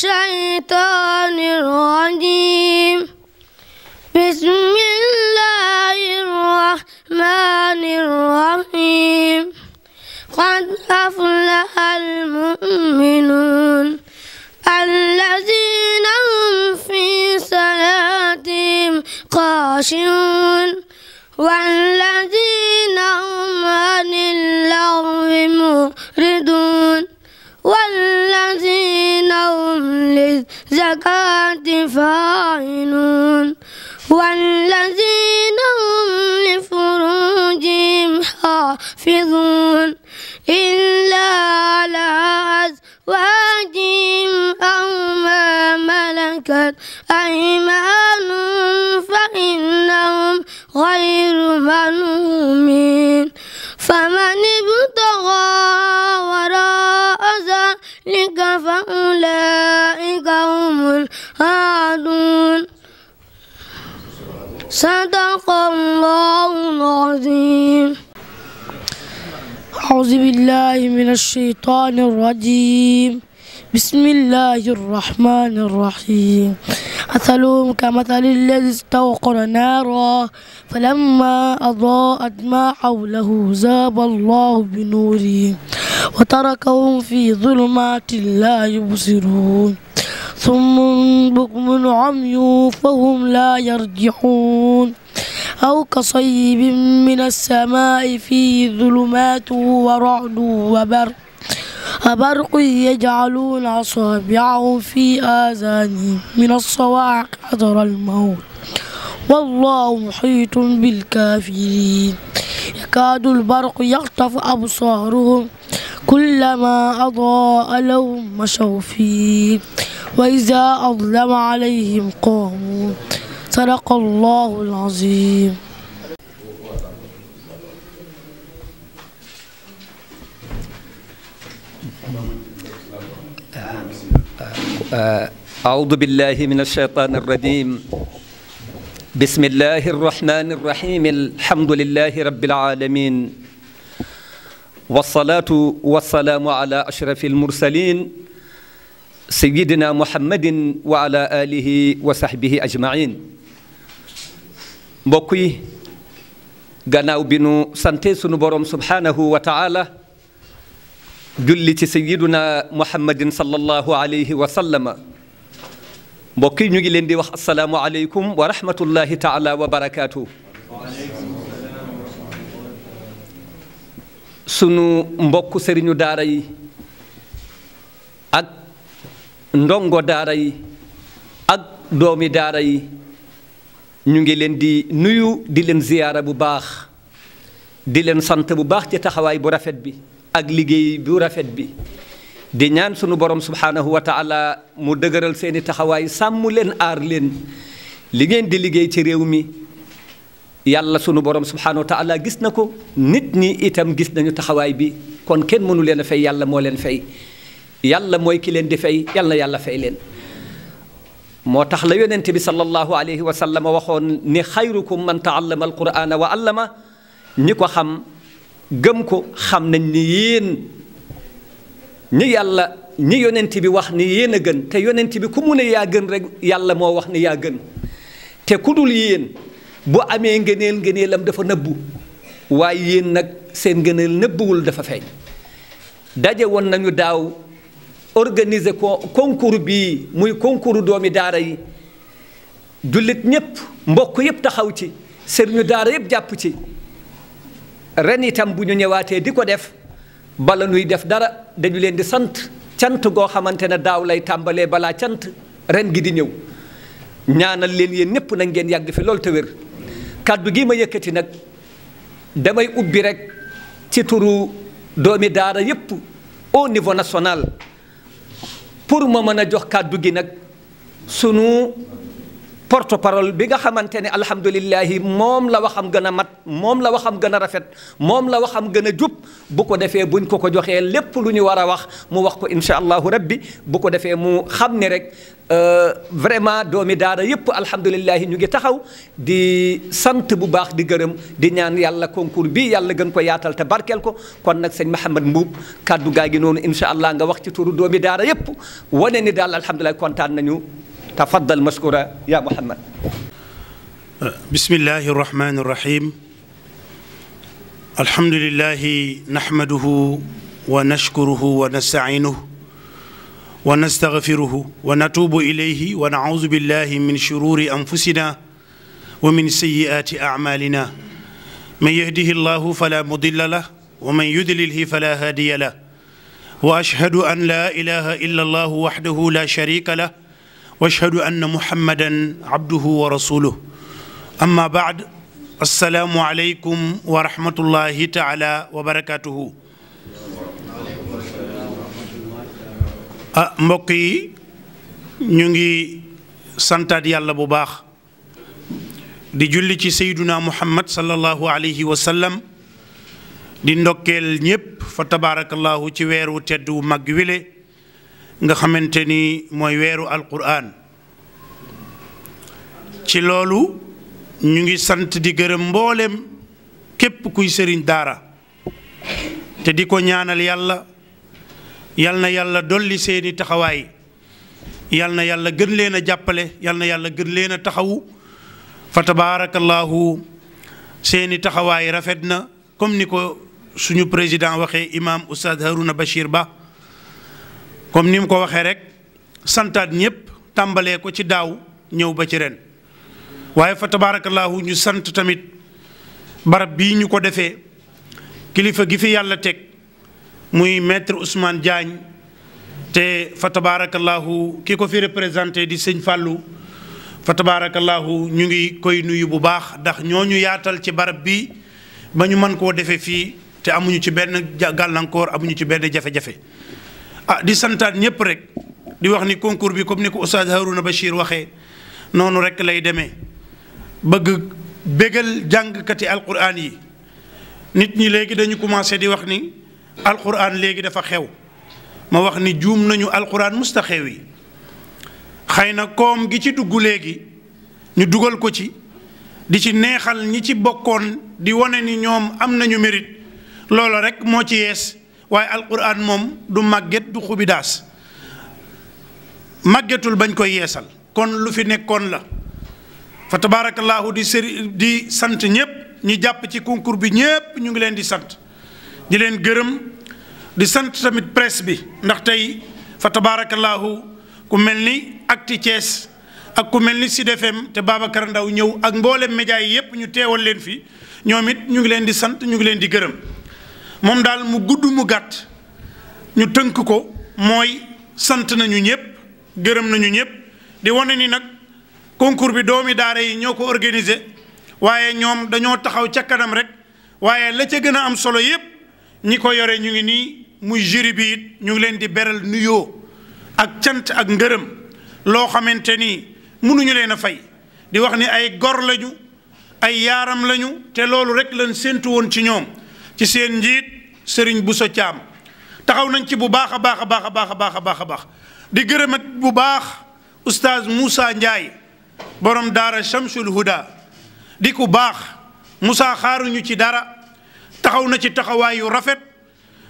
الشيطان الرجيم بسم الله الرحمن الرحيم قد أفلح المؤمنون خاشعون والذين هم عن اللغو معرضون والذين هم للزكاة فاعلون والذين هم لفروجهم حافظون إلا على أزواجهم أو ما ملكت أيمانهم لهم غير ملومين فمن ابتغى وراء ذلك فأولئك هم العادون صدق الله العظيم أعوذ بالله من الشيطان الرجيم بسم الله الرحمن الرحيم مثلهم كمثل الذي استوقد نارا فلما أضاءت ما حوله ذهب الله بنورهم وتركهم في ظلمات لا يبصرون ثم بكم عمي فهم لا يرجعون أو كصيب من السماء فيه ظلمات ورعد وبرق برق يجعلون أصابعهم في آذانهم من الصواعق حذر الموت والله محيط بالكافرين يكاد البرق يخطف أبصارهم كلما أضاء لهم مشوا فيه وإذا أظلم عليهم قاموا صدق الله العظيم أعوذ بالله من الشيطان الرجيم بسم الله الرحمن الرحيم الحمد لله رب العالمين والصلاة والسلام على أشرف المرسلين سيدنا محمد وعلى آله وصحبه أجمعين mbokk yi gannaaw bi nu sante sunu borom subhanahu wa taala julli ci sayyiduna muhammadin sallallahu alayhi wa sallama mbokk yi ñu ngi leen di wax asalaamu aleykum wa rahmatullahi taala wa barakaatu. sunu mbokk sëriñu daara yi ak ndongo daara yi ak doomi daara yi ñu ngi leen di nuyu di leen ziyaara bu baax di leen sant bu baax ci taxawaay bu rafet bi ak liggéey bu rafet bi di ñaan sunu borom subhaanahu wa mu dëgëral seeni taxawaay sàmm leen aar leen li ngeen di liggéey ci réew mi yàlla sunu borom subhaanahu wa gis na ko nit ñi itam gis nañu taxawaay bi kon kenn mënu leen a fay yàlla moo leen fay yàlla mooy ki leen di fay yàlla yàlla fay leen moo tax la yonent bi sallallahu alayhi wa sallam waxoon ne xayrukum man taallama alqur'ana wa allama ñi ko xam gëm ko xam nañ ni yéen ñi yàlla ñi yonent bi wax ni yéen a gën te yonent bi ku mu ne yaa gën rek yàlla moo wax ni yaa gën te ku dul yéen bu amee ngëneel ngëneelam dafa nëbbu waaye yéen nag seen ngëneel nëbbuwul dafa feeñ daje woon nañu daaw organise ko concours bii muy concours doomi daara yi jullit ñépp mbokk yépp taxaw ci sëriñu daara yépp jàpp ci ren itam bu ñu ñëwaatee di ko def bala nuy def dara dañu leen di sant cant goo xamante ne daaw lay tàmbalee balaa cant ren gi di ñëw ñaanal leen yéen ñëpp na ngeen yàgg fi loolu te wér kàddu gi ma yëkkati nag damay ubbi rek ci turu doomi daara yépp au niveau national pour ma mën a jox kàddu gi nag sunu porte parole bi nga xamante ne alhamdulilahi moom la waxam gën a mat moom la waxam gën a rafet moom la waxam gën a jub bu ko defee buñ ko ko joxee lépp lu ñu war a wax mu wax ko incha allahu rabbi bu ko defee mu xam ne rek euh, vraiment doomi daara yëpp alhamdulilahi ñu ngi taxaw di sant bu baax di gërëm di ñaan yàlla concours bi yàlla gën ko yaatal te barkeel ko kon nag sëñ Mahamad Mbuub kàddu gaa gi noonu incha allah nga wax ci turu doomi daara yëpp wane ni daal alhamdulilah kontaan nañu tafaddal mashkura ya muhammad bismillahi irrahmani irrahim alhamdulilahi nahmaduhu wa nashkuruhu wa nasta'inuhu wa nastaghfiruhu wa natubu ilayhi wa na'udhu billahi min shururi anfusina wa min sayyiati a'malina man yahdihi llahu fala mudilla lahu wa man yudlilhi fala hadiya lahu wa ashhadu an la ilaha illa allahu wahdahu la sharika lahu wa ashhadu anna muhammadan abduhu wa baad asalaamu aleykum wa taala wa barakatuhu mbokk yi ñu ngi santaat yàlla bu baax di julli ci seyduna muhammad sallallahu alayhi wa di ndokkeel ñépp fa tabaarakallahu ci weeru tedd wu mag wile nga xamante ni mooy weeru alquran ci loolu ñu ngi sant di gërëm mboolem képp kuy sëriñ daara te di ko ñaanal yàlla yal na yàlla dolli seeni taxawaay yal na yàlla gën leen a jàppale yal yàlla gën leen a taxawu fa tabaarakallaahu seeni taxawaay rafet na comme ni ko suñu président waxee imaam oustaz Harouna Bachir Ba comme ni mu ko waxee rek santaat ñëpp tàmbalee ko ci daaw ñëw ba ci ren waaye fa tabaarakallaahu ñu sant tamit barab bii ñu ko defee kilifa gi fi yàlla teg muy maître Ousmane Diagne te fa tabaarakallaahu ki ko fi représenté di sëñ Fàllu fa tabaarakallaahu ñu ngi koy nuyu bu baax ndax ñoo ñu yaatal ci barab bi ba ñu mën koo defee fii te amuñu ci benn gàllankoor amuñu ci benn jafe-jafe ah di santaat ñëpp rek di wax ni concours bi comme ni ko Oustaz Harouna Bachir waxee noonu rek lay demee bëgg bégal jàngkati alquran yi nit ñi léegi dañu commencé di wax ni alquran léegi dafa xew ma wax ni juum nañu alquran musta xew yi xëy na koom gi ci dugg léegi ñu dugal ko ci di ci neexal ñi ci bokkoon di wane ni ñoom am nañu mérite loola rek moo ci yees waaye alquran moom du màgget du xubi daas màggetul bañ koy yeesal kon lu fi nekkoon la fa tabaarakallaahu di sëri di sant ñëpp ñi jàpp ci concours bi ñëpp ñu ngi leen di sant di leen gërëm di sant tamit presse bi ndax tey fa tabaarakallaahu ku mel ni Actu Thiès ak ku mel ni Sud FM te Babacar Ndaw ñëw ak mboolem média yi yëpp ñu teewal leen fi ñoom it ñu ngi leen di sant ñu ngi leen di gërëm moom daal mu gudd mu gàtt ñu tënk ko mooy sant nañu ñëpp gërëm nañu ñëpp di wane ni nag concours bi doomi daara yi ñoo ko organiser waaye ñoom dañoo taxaw ca kanam rek waaye la ca gën a am solo yëpp ñi ko yore ñu ngi nii muy jury bi it ñu ngi leen di beral nuyoo ak cant ak ngërëm loo xamante ni mënuñu leen a fay di wax ni ay gor lañu ay yaaram lañu te loolu rek lañ séentu woon ci ñoom. ci seen njiit Serigne Bousso Thiam taxaw nañ ci bu baax a baax a baax a baax a baax a baax a baax di gërëmat bu baax oustaz Moussa Ndiaye borom daara Chamsul Huda di ku baax Moussa xaaruñu ci dara taxaw na ci taxawaay yu rafet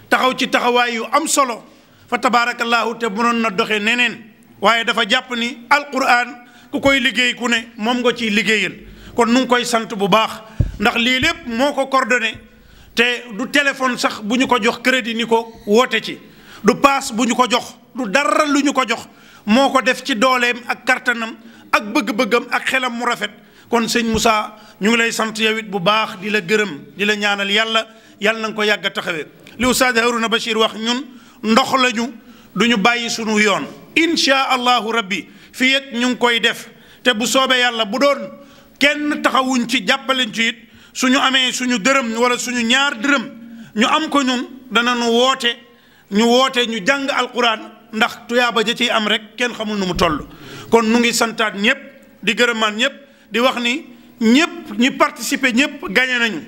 taxaw ci taxawaay yu am solo fa tabaarakallaahu te mënoon na doxe neneen waaye dafa jàpp ni alquran ku koy liggéey ku ne moom nga ciy liggéeyal kon nu ngi koy sant bu baax ndax lii lépp moo ko coordonné te du téléphone sax bu ñu ko jox crédit ni ko woote ci du paas bu ñu ko jox du dara lu ñu ko jox moo ko def ci dooleem ak kartanam ak bëgg-bëggam ak xelam mu rafet kon sëñ Moussa ñu ngi lay sant yow it bu baax di la gërëm di la ñaanal yàlla yàlla na nga ko yàgg a taxawee li Oustaz Harouna Bachir wax ñun ndox lañu du ñu bàyyi sunu yoon inchaa allahu rabbi fii it ñu ngi koy def te bu soobee yàlla bu doon kenn taxawuñ ci jàppaleñ ci it suñu amee suñu dërëm wala suñu ñaar dërëm ñu am ko ñun dana nu woote ñu woote ñu jàng alxuraan ndax tuyaaba ja ci am rek kenn xamul nu mu toll kon nu ngi santaat ñëpp di gërëmaat ñëpp di wax ni ñëpp ñi participer ñëpp gañe nañu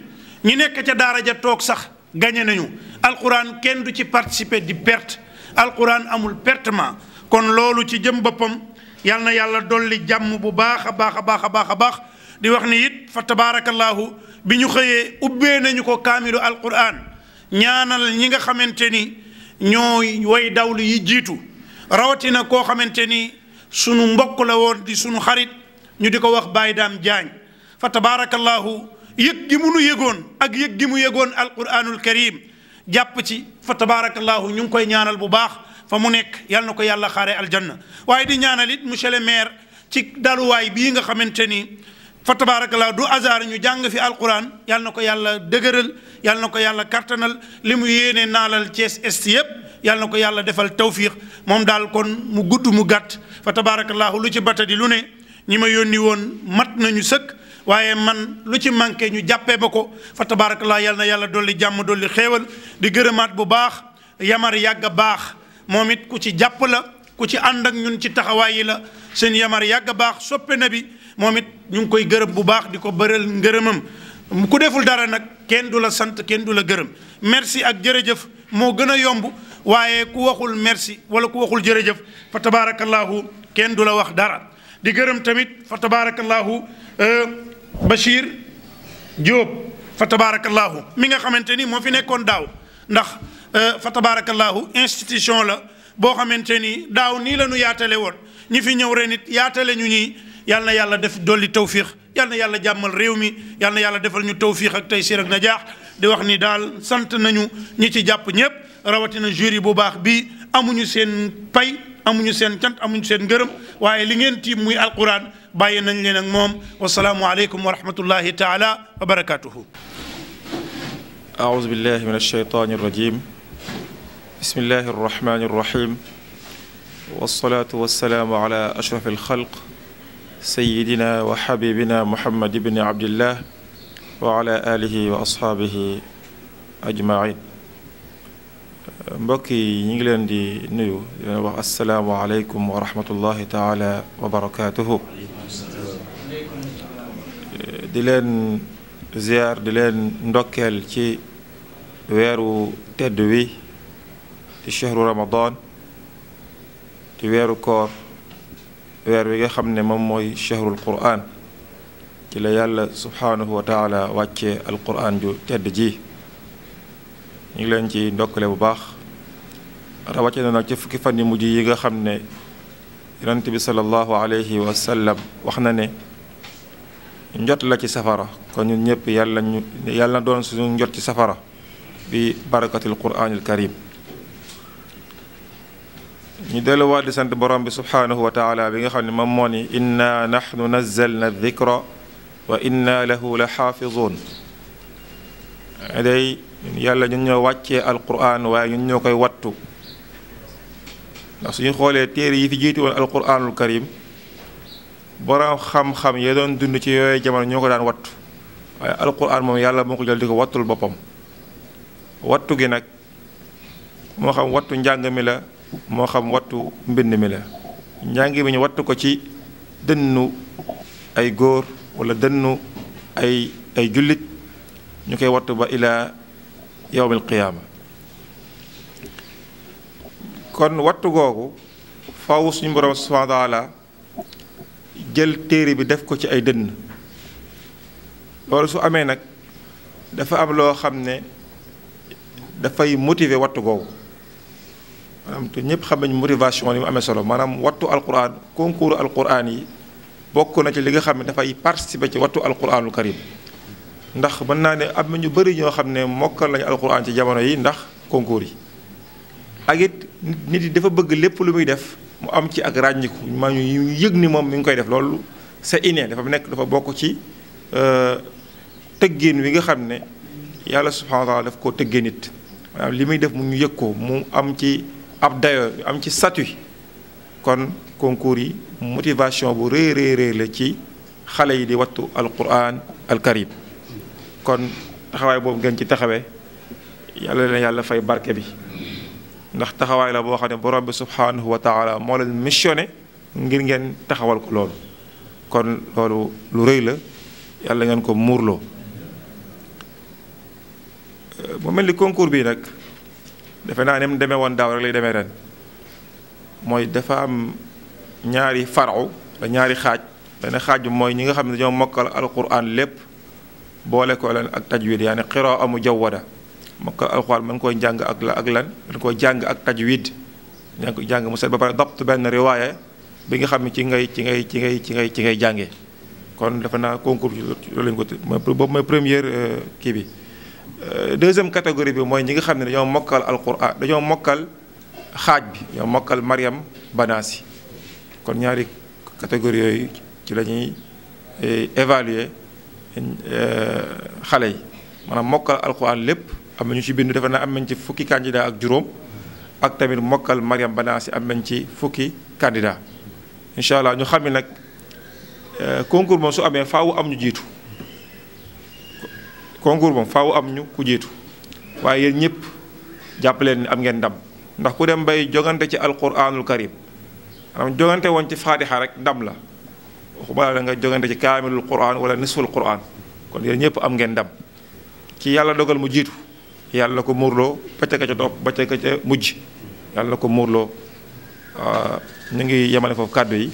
ñi nekk ca daara ja toog sax gañe nañu alxuraan kenn du ci participer di perte alxuraan amul pertement kon loolu ci jëm boppam yal na yàlla dolli jàmm bu baax a baax a baax a baax a baax di wax ni it fa tabaarakallaahu bi ñu xëyee ubbee nañu ko kaamilu alquran ñaanal ñi nga xamante ni ñooy way dawlu yi jiitu rawatina koo xamante ni sunu mbokk la woon di sunu xarit ñu di ko wax Baye Dame Diagne fa tabaarakallaahu yëg gi mu nu yëgoon ak yëg gi mu yëgoon alquranul karim jàpp ci fa tabaarakallaahu ñu ngi koy ñaanal bu baax fa mu nekk yal na ko yàlla xaare aljanna waaye di ñaanal it monsieur le maire ci daluwaay bii nga xamante ni fa tabaarakallaa du hasard ñu jàng fi alkuraan yal na ko yàlla dëgëral yal na ko yàlla kartanal li mu yéene naalal Thiès est yëpp yal na ko yàlla defal tawfiix moom daal kon mu gudd mu gàtt fa tabaarakallaahu lu ci batadi lu ne ñi ma yónni woon mat nañu sëkk. waaye man lu ci manqué ñu jàppee ba ko fa tabaarakallaa yal na yàlla dolli jàmm dolli xéewal di gërëmaat bu baax yamar yàgg baax moom it ku ci jàpp la ku ci ànd ak ñun ci taxawaay yi la seen yamar yàgg baax soppe na bi. moom it ñu ngi koy gërëm bu baax di ko bëral ngërëmam ku deful dara nag kenn du la sant kenn du la gërëm merci ak jërëjëf moo gën a yomb waaye ku waxul merci wala ku waxul jërëjëf fa tabaarakallaahu kenn du la wax dara di gërëm tamit fa tabaarakallaahu euh, bashir Diop fa tabaarakallaahu mi nga xamante ni moo fi nekkoon daaw ndax euh, fa tabaarakallaahu institution la boo xamante ni daaw nii la nu yaatale woon ñi fi ñëw ren it yaatale ñu ñii yal na yàlla def dolli tawfiix yal na yàlla jàmmal réew mi yal na yàlla defal ñu tawfiix ak tey siir ak najaax di wax ni daal sant nañu ñi ci jàpp ñëpp rawatina jury bu baax bi amuñu seen pay amuñu seen cant amuñu seen ngërëm waaye li ngeen tiim muy alquran bàyyi nañ leen ak moom wasalaamu aleykum wa rahmatullahi taala wa barakatuhu aouzu billahi min alcheytani arrajim bismillahi arrahmani arrahim والصلاة والسلام على أشرف الخلق sayidina wa xabibina muhammad ibni abdillah wa ala alihi wa asxaabihi ajmain mbokk yi ñu ngi leen di nuyu di leen wax asalaamu wa rahmatullahi taala wa barakaatuhu di leen di leen ndokkeel ci weeru wi di chehru ramadan di weeru kor weer wi nga xam ne moom mooy shahrul quraan ci la yàlla subhaanahu wa taala wàccee alquraan ju tedd ji ñu ngi leen ci ndokkale bu baax na nag ci fukki fan yu mujj yi nga xam ne yonent bi sallallahu alayhi wa sallam wax na ne njot la ci safara kon ñun ñëpp yàlla ñu yàlla doon suñu njot ci safara bi barakatil quraanil karim ñu delluwaat di sant borom bi subhaanahu wa taala bi nga xam ne moom moo ni inna nahnu nazzalna dikra wa inna lahu la xaafizuun day yàlla ñun ñoo wàccee alquran waaye ñun ñoo koy wattu ndax suñu xoolee téere yi jiitu woon alquranul karim borom xam-xam ya doon dund ci jamono ñoo ko daan wattu waaye alquran moom yàlla moo ko jël di ko wattul boppam wattu gi nag moo xam wattu njàng mi la moo xam wattu mbind mi la njàngi mi ñu wattu ko ci dënnu ay góor walla dënnu ay ay jullit ñu koy wattu ba ila yawmil qiyaama kon wattu googu faw suñu borom subhaanahu jël téere bi def ko ci ay dënn loolu su amee nag dafa am loo xam ne dafay motiver wattu googu maanaam te ñëpp xam nañ motivation li mu amee solo maanaam wattu alquran concours alquran yi bokk na ci li nga xam ne dafay participer ci wattu alquranul karim ndax mën naa ne am na ñu bari ñoo xam ne mokkal lañu alquran ci jamono yi ndax concours yi ak it nit yi dafa bëgg lépp lu muy def mu am ci ak ràññiku maa ñu yëg ni moom mi ngi koy def loolu c'est inné dafa bu nekk dafa bokk ci euh, tëggeen wi nga xam ne yàlla subhanahu wa taala daf koo tëggee li muy def mu yëg ko mu am ci ab dayo am ci statut kon concours yi motivation bu rëy rëy rëy la ci xale yi di wattu alquran alkarim kon taxawaay boobu ngeen ci taxawee yàlla leen yàlla fay barke bi ndax taxawaay la boo xam ne borom bi subhanahu wa moo leen missionné ngir ngeen taxawal ko loolu kon loolu lu réy la yàlla ngeen ko muurloo mu mel ni concours bi nag defe naa ne mu demee woon daaw rek lay demee ren mooy dafa am ñaari faraw da ñaari xaaj benn xaaj bi mooy ñi nga xam ne dañoo mokkal alquran lépp boole ko lan ak wit yaa ne xiroo amu jawwada mokkal alquran ma ngi koy jàng ak la ak lan dañ koy jàng ak tajwid ña ngi koy jàng mu set ba pare dapt benn riwaaya bi nga xam ne ci ngay ci ngay ci ngay ci ngay ci ngay jàngee kon defe naa concours loolu lañ ko mooy boobu mooy première euh, kii bi Euh, deuxième catégorie bi mooy ñi nga xam ne dañoo mokkal alquran dañoo mokkal xaaj bi dañoo mokkal Mariam Banaasi kon ñaari catégorie yooyu ci lañuy ñuy eh, évaluer euh, xale yi maanaam mokkal alquran lépp am na ñu ci bind defe naa am nañ ci fukki candidat ak juróom ak tamit mokkal Mariam Banaasi am nañ ci fukki candidat incha allah ñu xam ne nag euh, concours moom su amee faawu am ñu jiitu. concours moom faaw am ñu ku jiitu waaye yéen ñëpp jàpp leen ni am ngeen ndam ndax ku dem bay jogante ci alquranul karim maanaam jogante woon ci faatixa rek ndam la waxuma la da nga jogante ci kaamilul quran wala nisful quran kon yéen ñëpp am ngeen ndam ci yàlla dogal mu jiitu yàlla ko muurloo bacca ka ca topp bacca ka ca mujj yàlla ko muurloo ñu ngi yemale foofu kàddu yi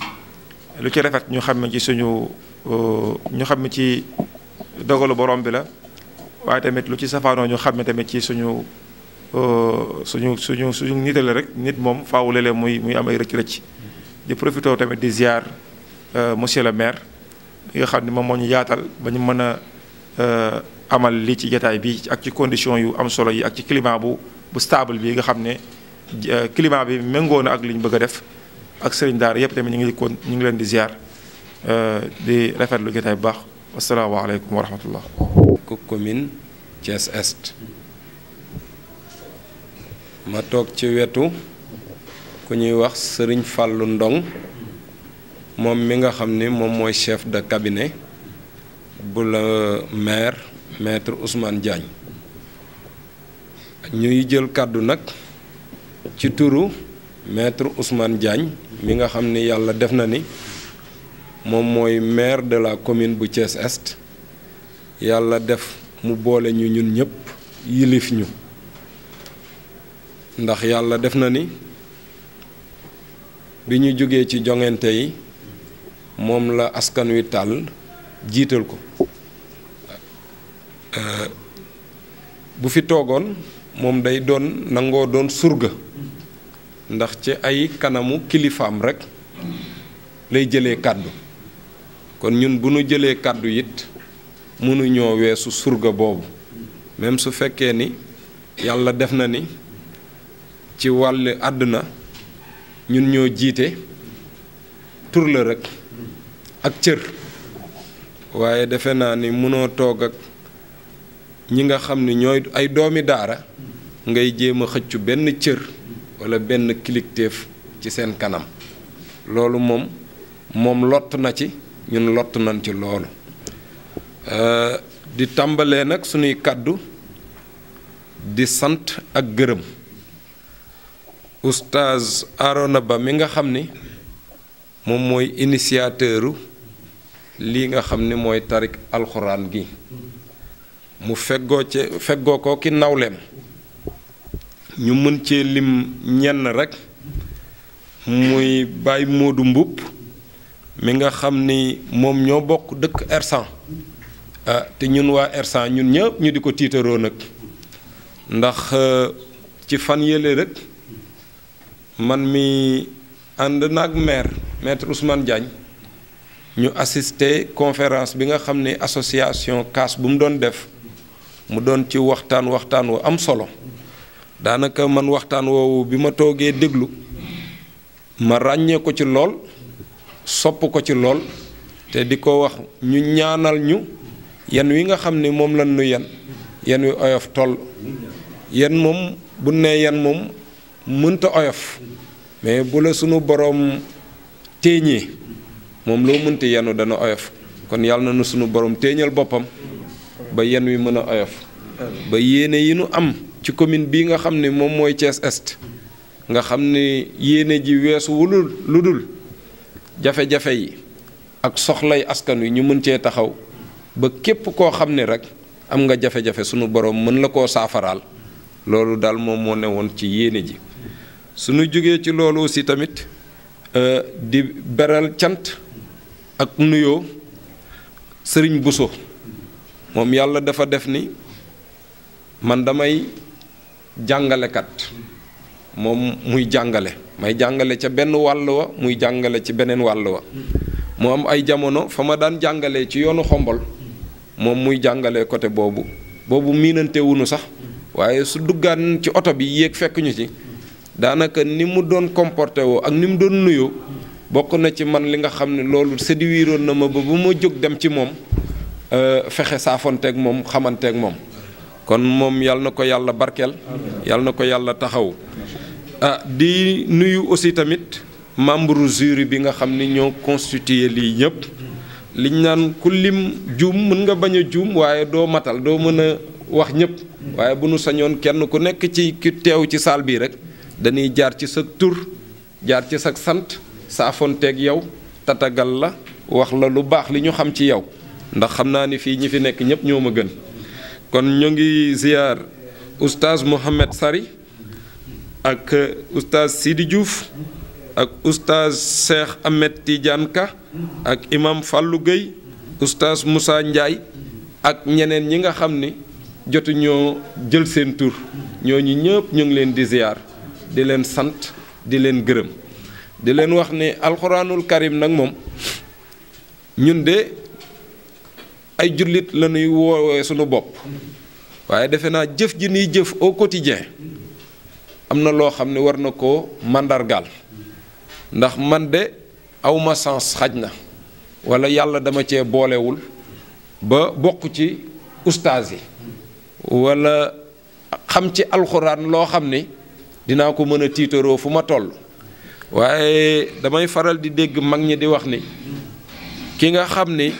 lu ci rafet ñu xam ne ci suñu euh, ñu xam ne ci dogalu borom bi la waaye tamit lu ci safaanoo ñu xam ne tamit ci suñu euh, suñu suñu suñu nitale rek nit moom faaw léeg muy muy am ay rëcc-rëcc di profité tamit di ziar euh, monsieur le maire bi nga xam ne moom moo ñu yaatal ba ñu mën a euh, amal li ci jataay bi ak ci condition yu am solo yi ak ci climat bu bu stable bi nga xam ne climat bi méngoo ak li ñu bëgg a def ak sëriñ daar yëpp tamit ñu ngi kon ñu ngi leen di ziar di rafetlu jataay bu baax. asalaamaaleykum wa rahmatullah ku ma toog ci wetu ku ñuy wax sëriñ fàllu Ndong moom mi nga xam ni moom mooy chef de cabinet bu la maire maître Ousmane Diagne ñuy jël kàddu nag ci turu maître Ousmane Diagne mi nga xam ni yàlla def na ni moom mooy maire de la commune bu Thiès Est yàlla def mu boole ñu ñun ñëpp yilif ñu ndax yàlla def na ni bi ñu jógee ci joŋante yi moom la askan wi tàll jiital ko euh, bu fi toogoon moom day doon nangoo doon surga ndax ci ay kanamu kilifaam rekk lay jëlee kàddu kon ñun bu ñu jëlee kàddu it mënuñoo weesu surga boobu même su fekkee ni yàlla def na ni ci wàll àdduna ñun ñoo jiite tur la ak cër waaye defe naa ni mënoo toog ak ñi nga xam ni ñooy ay doomi daara ngay jéem a xëccu benn cër wala benn kilifteef ci seen kanam loolu moom moom lott na ci ñun lott nañ ci loolu euh, di tàmbalee nag suñuy kàddu di sant ak gërëm oustaz Arona Ba mi nga xam ni moom mooy initiateuru lii nga xam ni mooy tarik alxuraan gi mu fegoo ci feggoo ko ki nawleem ñu mën ci lim ñenn rekk muy bàyyi moodu mbubb mi nga xam ni moom ñoo bokk dëkk r ah, te ñun waa r ñun ñëpp ñu di ko tiitaroo nag ndax eh, ci fan yële rek man mi ànd naag maire maître Ousmane Diagne ñu assister conférence bi nga xam ne association kaas bu mu doon def mu doon ci waxtaan waxtaan wu am solo daanaka man waxtaan woowu bi ma toogee déglu ma ràññee ko ci lool. sopp ko ci lool te di ko wax ñu ñaanal ñu yan wi nga xam ni moom lan nu yan yan wi oyof toll yan moom bu nee yan moom mënta oyof mais bu la sunu boroom téeñee moom loo mënta yenu dana oyof kon yàlla na nu sunu boroom téeñal boppam ba yan wi mën a oyof ba yéene yi nu am ci commune bii nga xam ni moom mooy Thiès Est nga xam ni yéene ji weesu lu dul jafe-jafe yi ak soxlay askan wi ñu mën cee taxaw ba képp koo xam ni rek am nga jafe-jafe sunu borom mën la koo saafaraal loolu daal moom moo ne woon ci yéene ji suñu jógee ci loolu aussi tamit euh, di beral cant ak nuyoo sëriñ Bousso moom yàlla dafa def ni man damay jàngalekat moom muy jàngale may jàngale ca benn wàll wa muy jàngale ci beneen wàll wa mu am ay jamono fa ma daan jàngalee ci yoonu xombol moom muy jàngale côté boobu boobu miinante wunu sax waaye su duggaan ci oto bi yéeg fekk ñu ci daanaka ni mu doon comporté woo ak ni mu doon nuyoo bokk na ci man li nga xam ne loolu séduwiroon na ma ba bu ma jóg dem ci moom euh, fexe saafonteeg moom xamanteeg moom kon moom yàlla na ko yàlla barkeel yàlla na ko yàlla taxaw ah di nuyu aussi tamit membre jury bi nga xam ni ñoo constitué lii ñëpp liñ naan ku lim juum mën nga bañ a juum waaye doo matal doo mën a wax ñëpp waaye bu nu sañoon kenn ku nekk ci ki teew ci saal bii rek dañuy jaar ci sa tur jaar ci sag sant saafonteeg yow tatagal la wax la lu baax li ñu xam ci yow ndax xam naa ni fii ñi fi nekk ñëpp ñoo ma gën kon ñu ngi ziar oustaz Mohamed Sari ak euh, oustaz Sidi juuf ak oustaz Cheikh Ahmed Tidiane ak imam Fallou Gueye oustaz Moussa Ndiaye ak ñeneen ñi nga xam ni jotu ñoo jël seen tur ñooñu ñëpp ñu ngi leen di ziyaar di leen sant di leen gërëm di leen wax ni alxuraanul karim nag moom ñun de ay jullit la ñuy woowee sunu bopp waaye defe naa jëf ji ñuy jëf au quotidien am na loo xam ne war na koo màndargaal ndax man de awma sens xaj na wala yàlla dama cee boolewul ba bokk ci ustaas yi wala xam ci alxuraan loo xam ni dinaa ko mën a tiitaroo fu ma toll waaye damay faral di dégg mag ñi di wax ni ki nga xam ni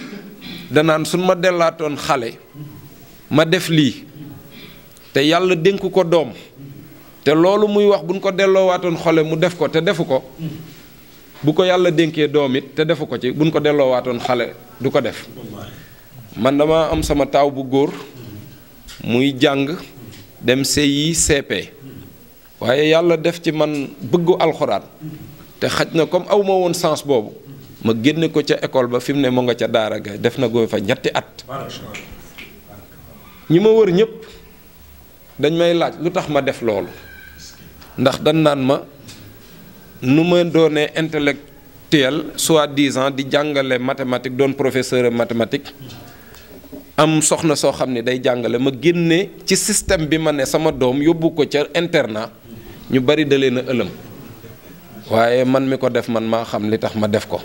danaan su ma dellaatoon xale ma def lii te yàlla dénk ko doom te loolu muy wax buñ ko delloowaatoon xole mu def ko te defu ko bu ko yàlla dénkee doom it te defu ko ci buñ ko delloowaatoon xale du ko def man dama am sama taaw bu góor muy jàng dem CI CP waaye yàlla def ci man bëggu alxuraan te xaj na comme awma woon sens boobu ma génne ko ca école ba fi mu ne mu nga ca daara ga def na go fa ñetti at ñi ma wër ñépp dañ may laaj lu tax ma def loolu ndax dan naan ma nu ma doonee intellectuel soi-disant di jàngale mathématique doon professeur mathématique am soxna soo xam ne day jàngale ma génne ci système bi ma ne sama doom yóbbu ko ca internat ñu bari dalee na ëlëm waaye man mi ko def man maa xam li tax ma def ko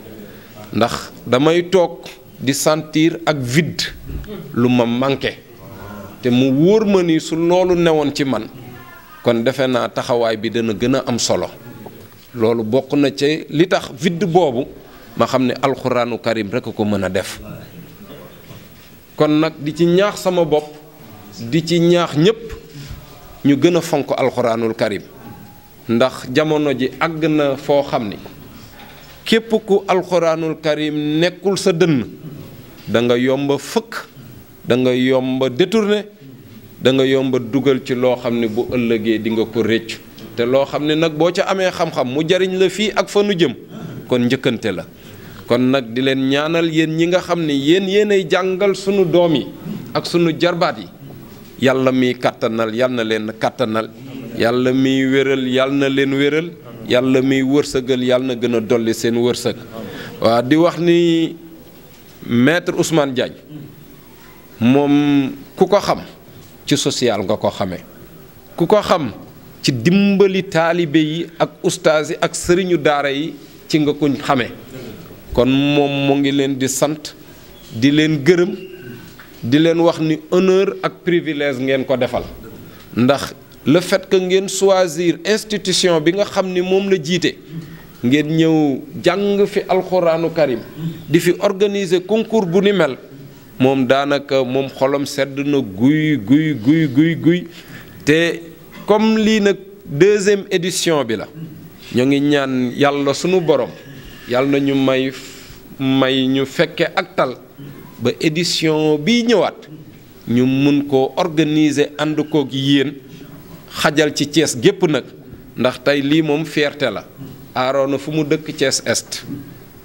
ndax damay toog di sentir ak vide lu ma manqué te mu wóor ma ni su loolu newoon ci man kon defe naa taxawaay bi dana gën a am solo loolu bokk na ci li tax vidd boobu ma xam ne alxuraanu karim rekk a ko mën a def kon nag di ci ñaax sama bopp di ci ñaax ñépp ñu gën a fonk alxuraanul karim ndax jamono ji àgg na foo xam ni képp ku alxuraanul karim nekkul sa dënn danga nga yomba fëkk da yomba détourné danga nga yomba dugal ci loo xam ne bu ëllëgee di nga ko rëcc te loo xam ne nag boo ca amee xam-xam mu jariñ la fii ak fa nu jëm kon njëkkante la kon nag di leen ñaanal yéen ñi nga xam ni yéen yéenay jàngal sunu doom yi ak sunu jarbaat yi yàlla miy kàttanal yal na leen kàttanal yàlla miy wéral yal na leen wéral yàlla miy wërsëgal yàlla na gën a dolli seen wërsëg waa di wax ni maître Ousmane Diagne moom ku ko xam ci social nga ko xamee ku ko xam ci dimbali taalibe yi ak ustaas ak sëriñu daara yi ci nga ko xamee kon moom mu ngi leen di sant di leen gërëm di leen wax ni honneur ak privilège ngeen ko defal ndax le fait que ngeen soisir institution bi nga xam ni moom la jiite ngeen ñëw jàng fi alxuraanu karim di fi organiser concours bu ni mel moom daanaka moom xolom sedd na guy guy guy guy guy te comme lii nag deuxième édition bi la ñoo ngi ñaan yàlla sunu borom yàlla na ñu may may ñu fekke ak tal ba édition bi ñëwaat ñu mën ko organiser ànd koog yéen xajal ci Thiès gépp nag ndax tey lii moom fierté la aaroona fu mu dëkk Thiès Est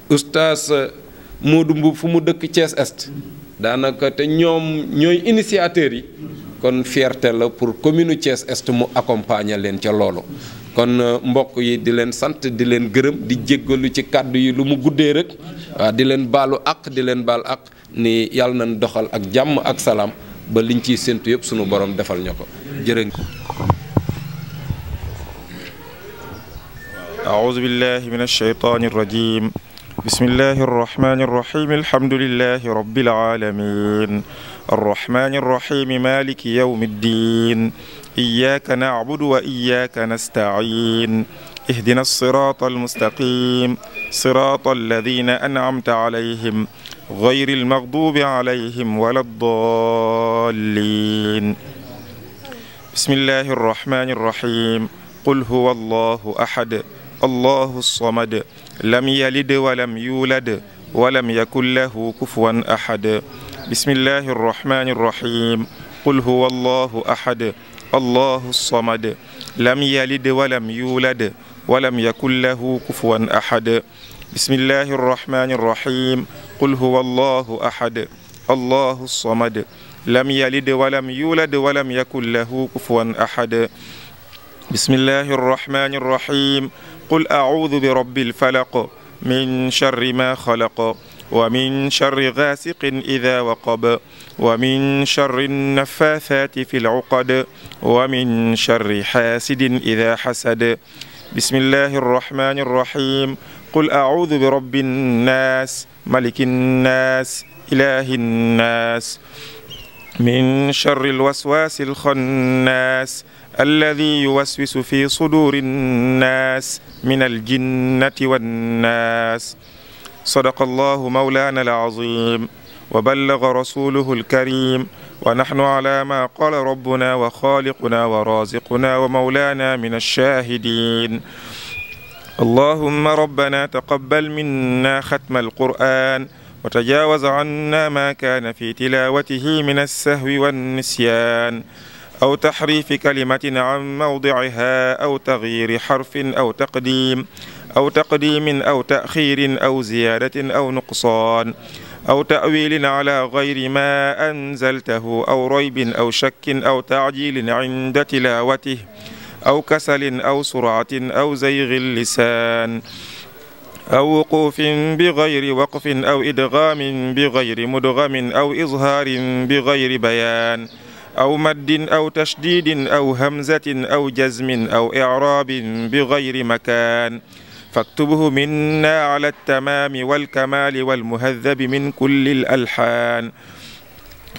oustaz Modou Mboub fu mu dëkk Thiès Est daanaka te ñoom ñooy initiateurs yi kon fierté la pour commune Thiès Est mu accompagner leen ca loolu kon euh, mbokk yi di leen sant di leen gërëm di jéggalu ci kàddu yi lu mu guddee rek waa di leen baalu ak di leen baal ak ni yàlla nañ doxal ak jàmm ak salaam ba liñ ciy séntu yëpp sunu borom defal ña ko jërë أعوذ بالله من الشيطان الرجيم bismillahi arrahmani irrahim alhamdulilahi rabiilalamin arrahmani irrahimi maliki yawmi ddin iyaka nacbudu wa iyaka nastacin ihdina alsirata almustaqim sirata alladina ancamta alayhim gayri almaghdubi alayhim wala ddallin bismillahi arrahmani irrahim qul huwa allahu ahad allahu samad lam yalid walam yuulad walam yakun lahu kufuwan ahad bismillahi arrahmani arrahim qul huwa allahu ahad allahu samad lam yalid walam yuulad walam yakun lahu kufuwan ahad bismillahi arrahmani arrahim qul huwa allahu ahad allahu samad lam yalid walam yuulad walam yakun lahu kufuwan ahad bismillahi arrahmani arrahim qul acuudu bi rabbil falaq min charri ma xalaq wa min charri gaasiqin ida waqab wa min charri nafaasaati fi lcuqad wa min charri xaasidin ida xasad bismillahi arrahmani arrahim qul acuudu bi rabbi nnaas maliki nnaas ilaahi nnaas min charri alwaswaasi alxannaas alladi yuwaswisu fi suduri nnaas min aljinnati wannaas sadaqa allahu mawlaana alazim wa ballaga rasuluhu alkarim wa naxnu ala maa qaala rabbuna wa xaaliquna wa raasiquna wa mawlaana min alchaahidin allahumma rabbana taqabbal minna xatma alquran wa tajaawaz canna maa kaana fi tilaawatihi min alsahwi wannisyan aw taxriifi kalimatin an mawdiciha aw tagyiri xarfin aw taqdiim aw taqdiimin aw taxiirin aw ziyaadatin aw nuqsaan aw tawiilin ala gayri ma anzaltahu aw raybin aw shakkin aw tacjiilin cinda tilaawatih aw kasalin aw surcatin aw zaygin lisaan aw wuquufin bigayri waqfin aw idgaamin bigayri mudgamin aw izhaarin bigayri bayaan aw maddin aw tashdiidin aw hamzatin aw jazmin aw i'raabin bi gayri makaan faktubhu minna ala tamaami wal kamaali wal muhaddabi min kulli alxaan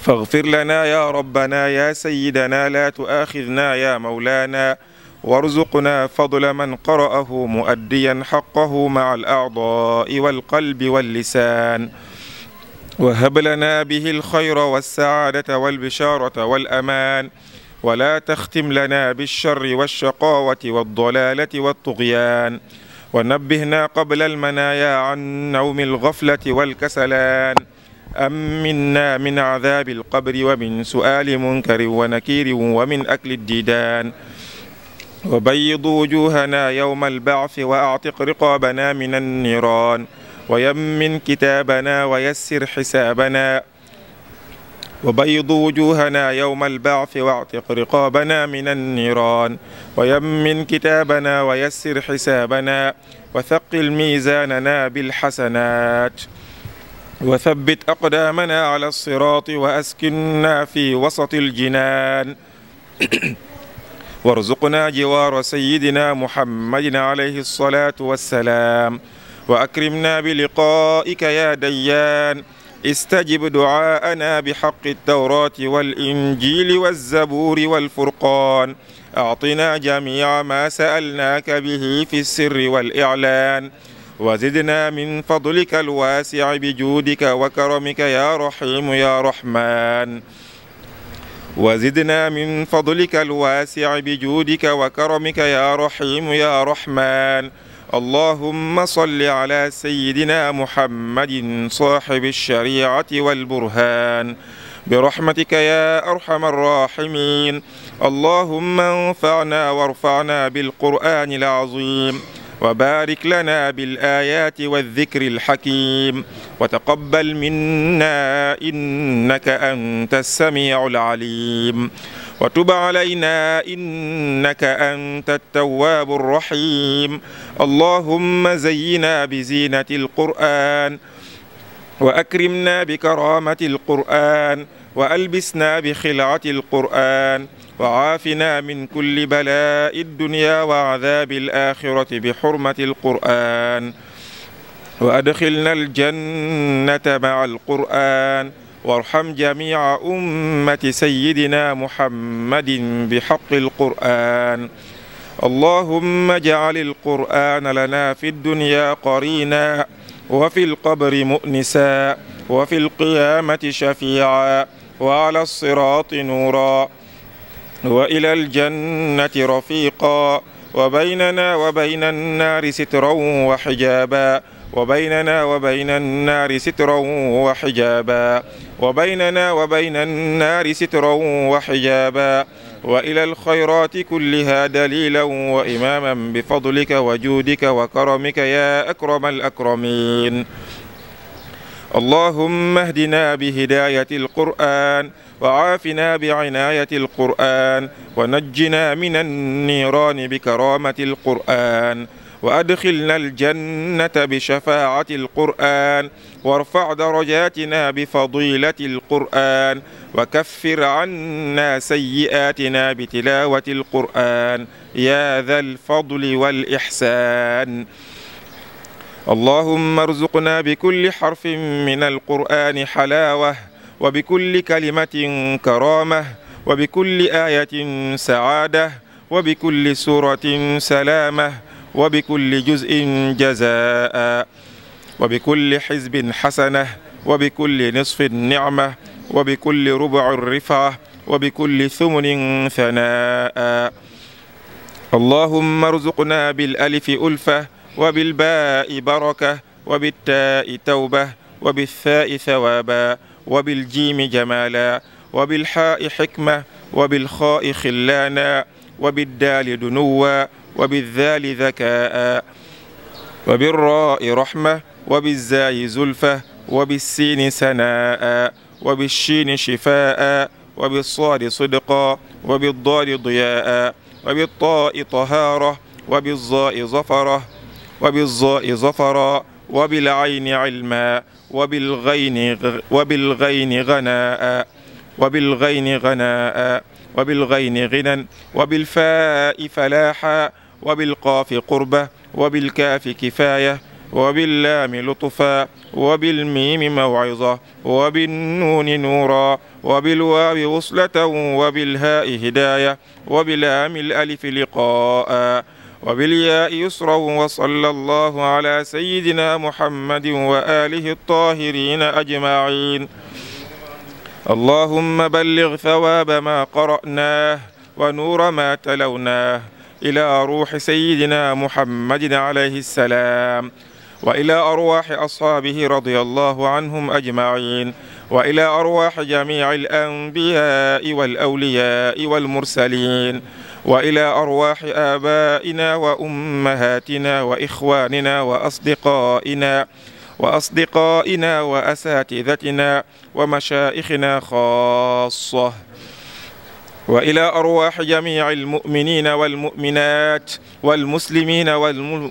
faghfir lana ya rabbana ya sayyidana la tu'aaxidna ya mawlaana warzuqna fadla man qara'ahu mu'addiyan haqqahu ma'a al-a'daa'i wal qalbi wal lisaan وهب لنا به الخير والسعادة والبشارة والأمان ولا تختم لنا بالشر والشقاوة والضلالة والطغيان ونبهنا قبل المنايا عن نوم الغفلة والكسلان أمنا من عذاب القبر ومن سؤال منكر ونكير ومن أكل الديدان وبيض وجوهنا يوم البعث وأعتق رقابنا من النيران ويمن كتابنا ويسر حسابنا وبيض وجوهنا يوم البعث واعتق رقابنا من النيران ويمن كتابنا ويسر حسابنا وثقل ميزاننا بالحسنات وثبت أقدامنا على الصراط وأسكنا في وسط الجنان وارزقنا جوار سيدنا محمد عليه الصلاة والسلام وأكرمنا بلقائك يا ديان استجب دعاءنا بحق التوراة والإنجيل والزبور والفرقان أعطنا جميع ما سألناك به في السر والإعلان وزدنا من فضلك الواسع بجودك وكرمك يا رحيم يا رحمن وزدنا من فضلك الواسع بجودك وكرمك يا رحيم يا رحمن allahumma salli ala sayyidina muhammadin saaxibi alshariati walburhan برحمتك يا أرحم الراحمين اللهم انفعنا وارفعنا بالقرآن العظيم وبارك لنا بالآيات والذكر الحكيم وتقبل منا إنك أنت السميع العليم وتب علينا إنك أنت التواب الرحيم اللهم زينا بزينة القرآن وأكرمنا بكرامة القرآن وألبسنا بخلعة القرآن وعافنا من كل بلاء الدنيا وعذاب الآخرة بحرمة القرآن وأدخلنا الجنة مع القرآن وارحم جميع أمة سيدنا محمد بحق القرآن اللهم اجعل القرآن لنا في الدنيا قرينا وفي القبر مؤنسا وفي القيامة شفيعا وعلى الصراط نورا وإلى الجنة رفيقا وبيننا وبين النار سترا وحجابا وبيننا وبين النار سترا وحجابا wa baynana wa bayna annaari sitran wa xijaaba wa ila alxayraati kulliha dalilan wa imaaman bifadlika wa juudika wa karamika ya akrama alakramin allahumma ahdina bihidayati alquran وعافنا بعناية القرآن ونجنا من النيران بكرامة القرآن wa adxilna aljannata bi shafaati alquran warfac darajatina bi fadilati alquran wa kaffir canna sayyi'aatina bi tilaawati alquran yaa dha alfadli wal ixsaan allahumma arzuqna bi kulli xarfin min alqur'ani xalaawah wa bi kulli kalimatin karaamah wa bi kulli aayatin sacaadah wa bi kulli suuratin salaamah wa bi kulli juz'in jazaa wa bi kulli xizbin xasana wa bi kulli nisfin nicma wa bi kulli rubuci rifa wa bi kulli thumunin thanaa allahumma arzuqna bil alifi ulfa wa bil baa'i baraka wa bit taa'i tawba wa bit thaa'i thawaaba wa bil jiimi jamaala wa bil xaa'i xikma wa bil xaa'i xillaana wa bid daali dunuwa wa bidaali dakaa wa birraai rahma wa bizaayi zulfa wa bissiini sanaa wa bishiini shifaa wa bissaadi sidqa wa biddaali diyaa wa bittaa'i tahaara wa bizzaa'i zafara wa bizzaa'i zafara wa bil'ayni ilma wa bilghayni wa bilghayni ghanaa wa bilghayni ghanaa wa bilghayni ghinan wa bilfaa'i falaaxa وبالقاف قربة وبالكاف كفاية وباللام لطفا وبالميم موعظة وبالنون نورا وبالواو وصلة وبالهاء هداية وبلام الألف لقاء وبالياء يسرا وصلى الله على سيدنا محمد وآله الطاهرين أجمعين اللهم بلغ ثواب ما قرأناه ونور ما تلوناه إلى روح سيدنا محمد عليه السلام وإلى أرواح أصحابه رضي الله عنهم أجمعين وإلى أرواح جميع الأنبياء والأولياء والمرسلين وإلى أرواح آبائنا وأمهاتنا وإخواننا وأصدقائنا وأصدقائنا وأساتذتنا ومشائخنا خاصة wa ila arwaaxi jamii almuminina walmuminat walmuslimina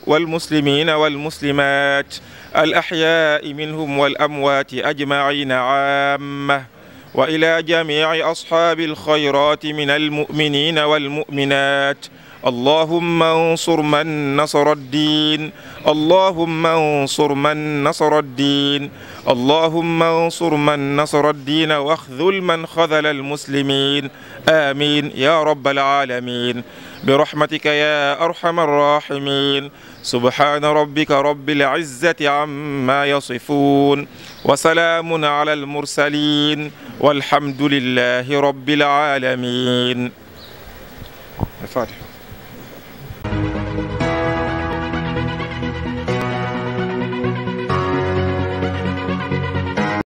walmuslimina walmuslimat alaxyaai minhum walamwaati ajmaina aama wa ila jamii ashaabi alxayraati min almuminina walmuminat اللهم انصر من نصر الدين اللهم انصر من نصر الدين اللهم انصر من نصر الدين واخذل من خذل المسلمين آمين يا رب العالمين برحمتك يا أرحم الراحمين سبحان ربك رب العزة عما يصفون وسلام على المرسلين والحمد لله رب العالمين الفاتحة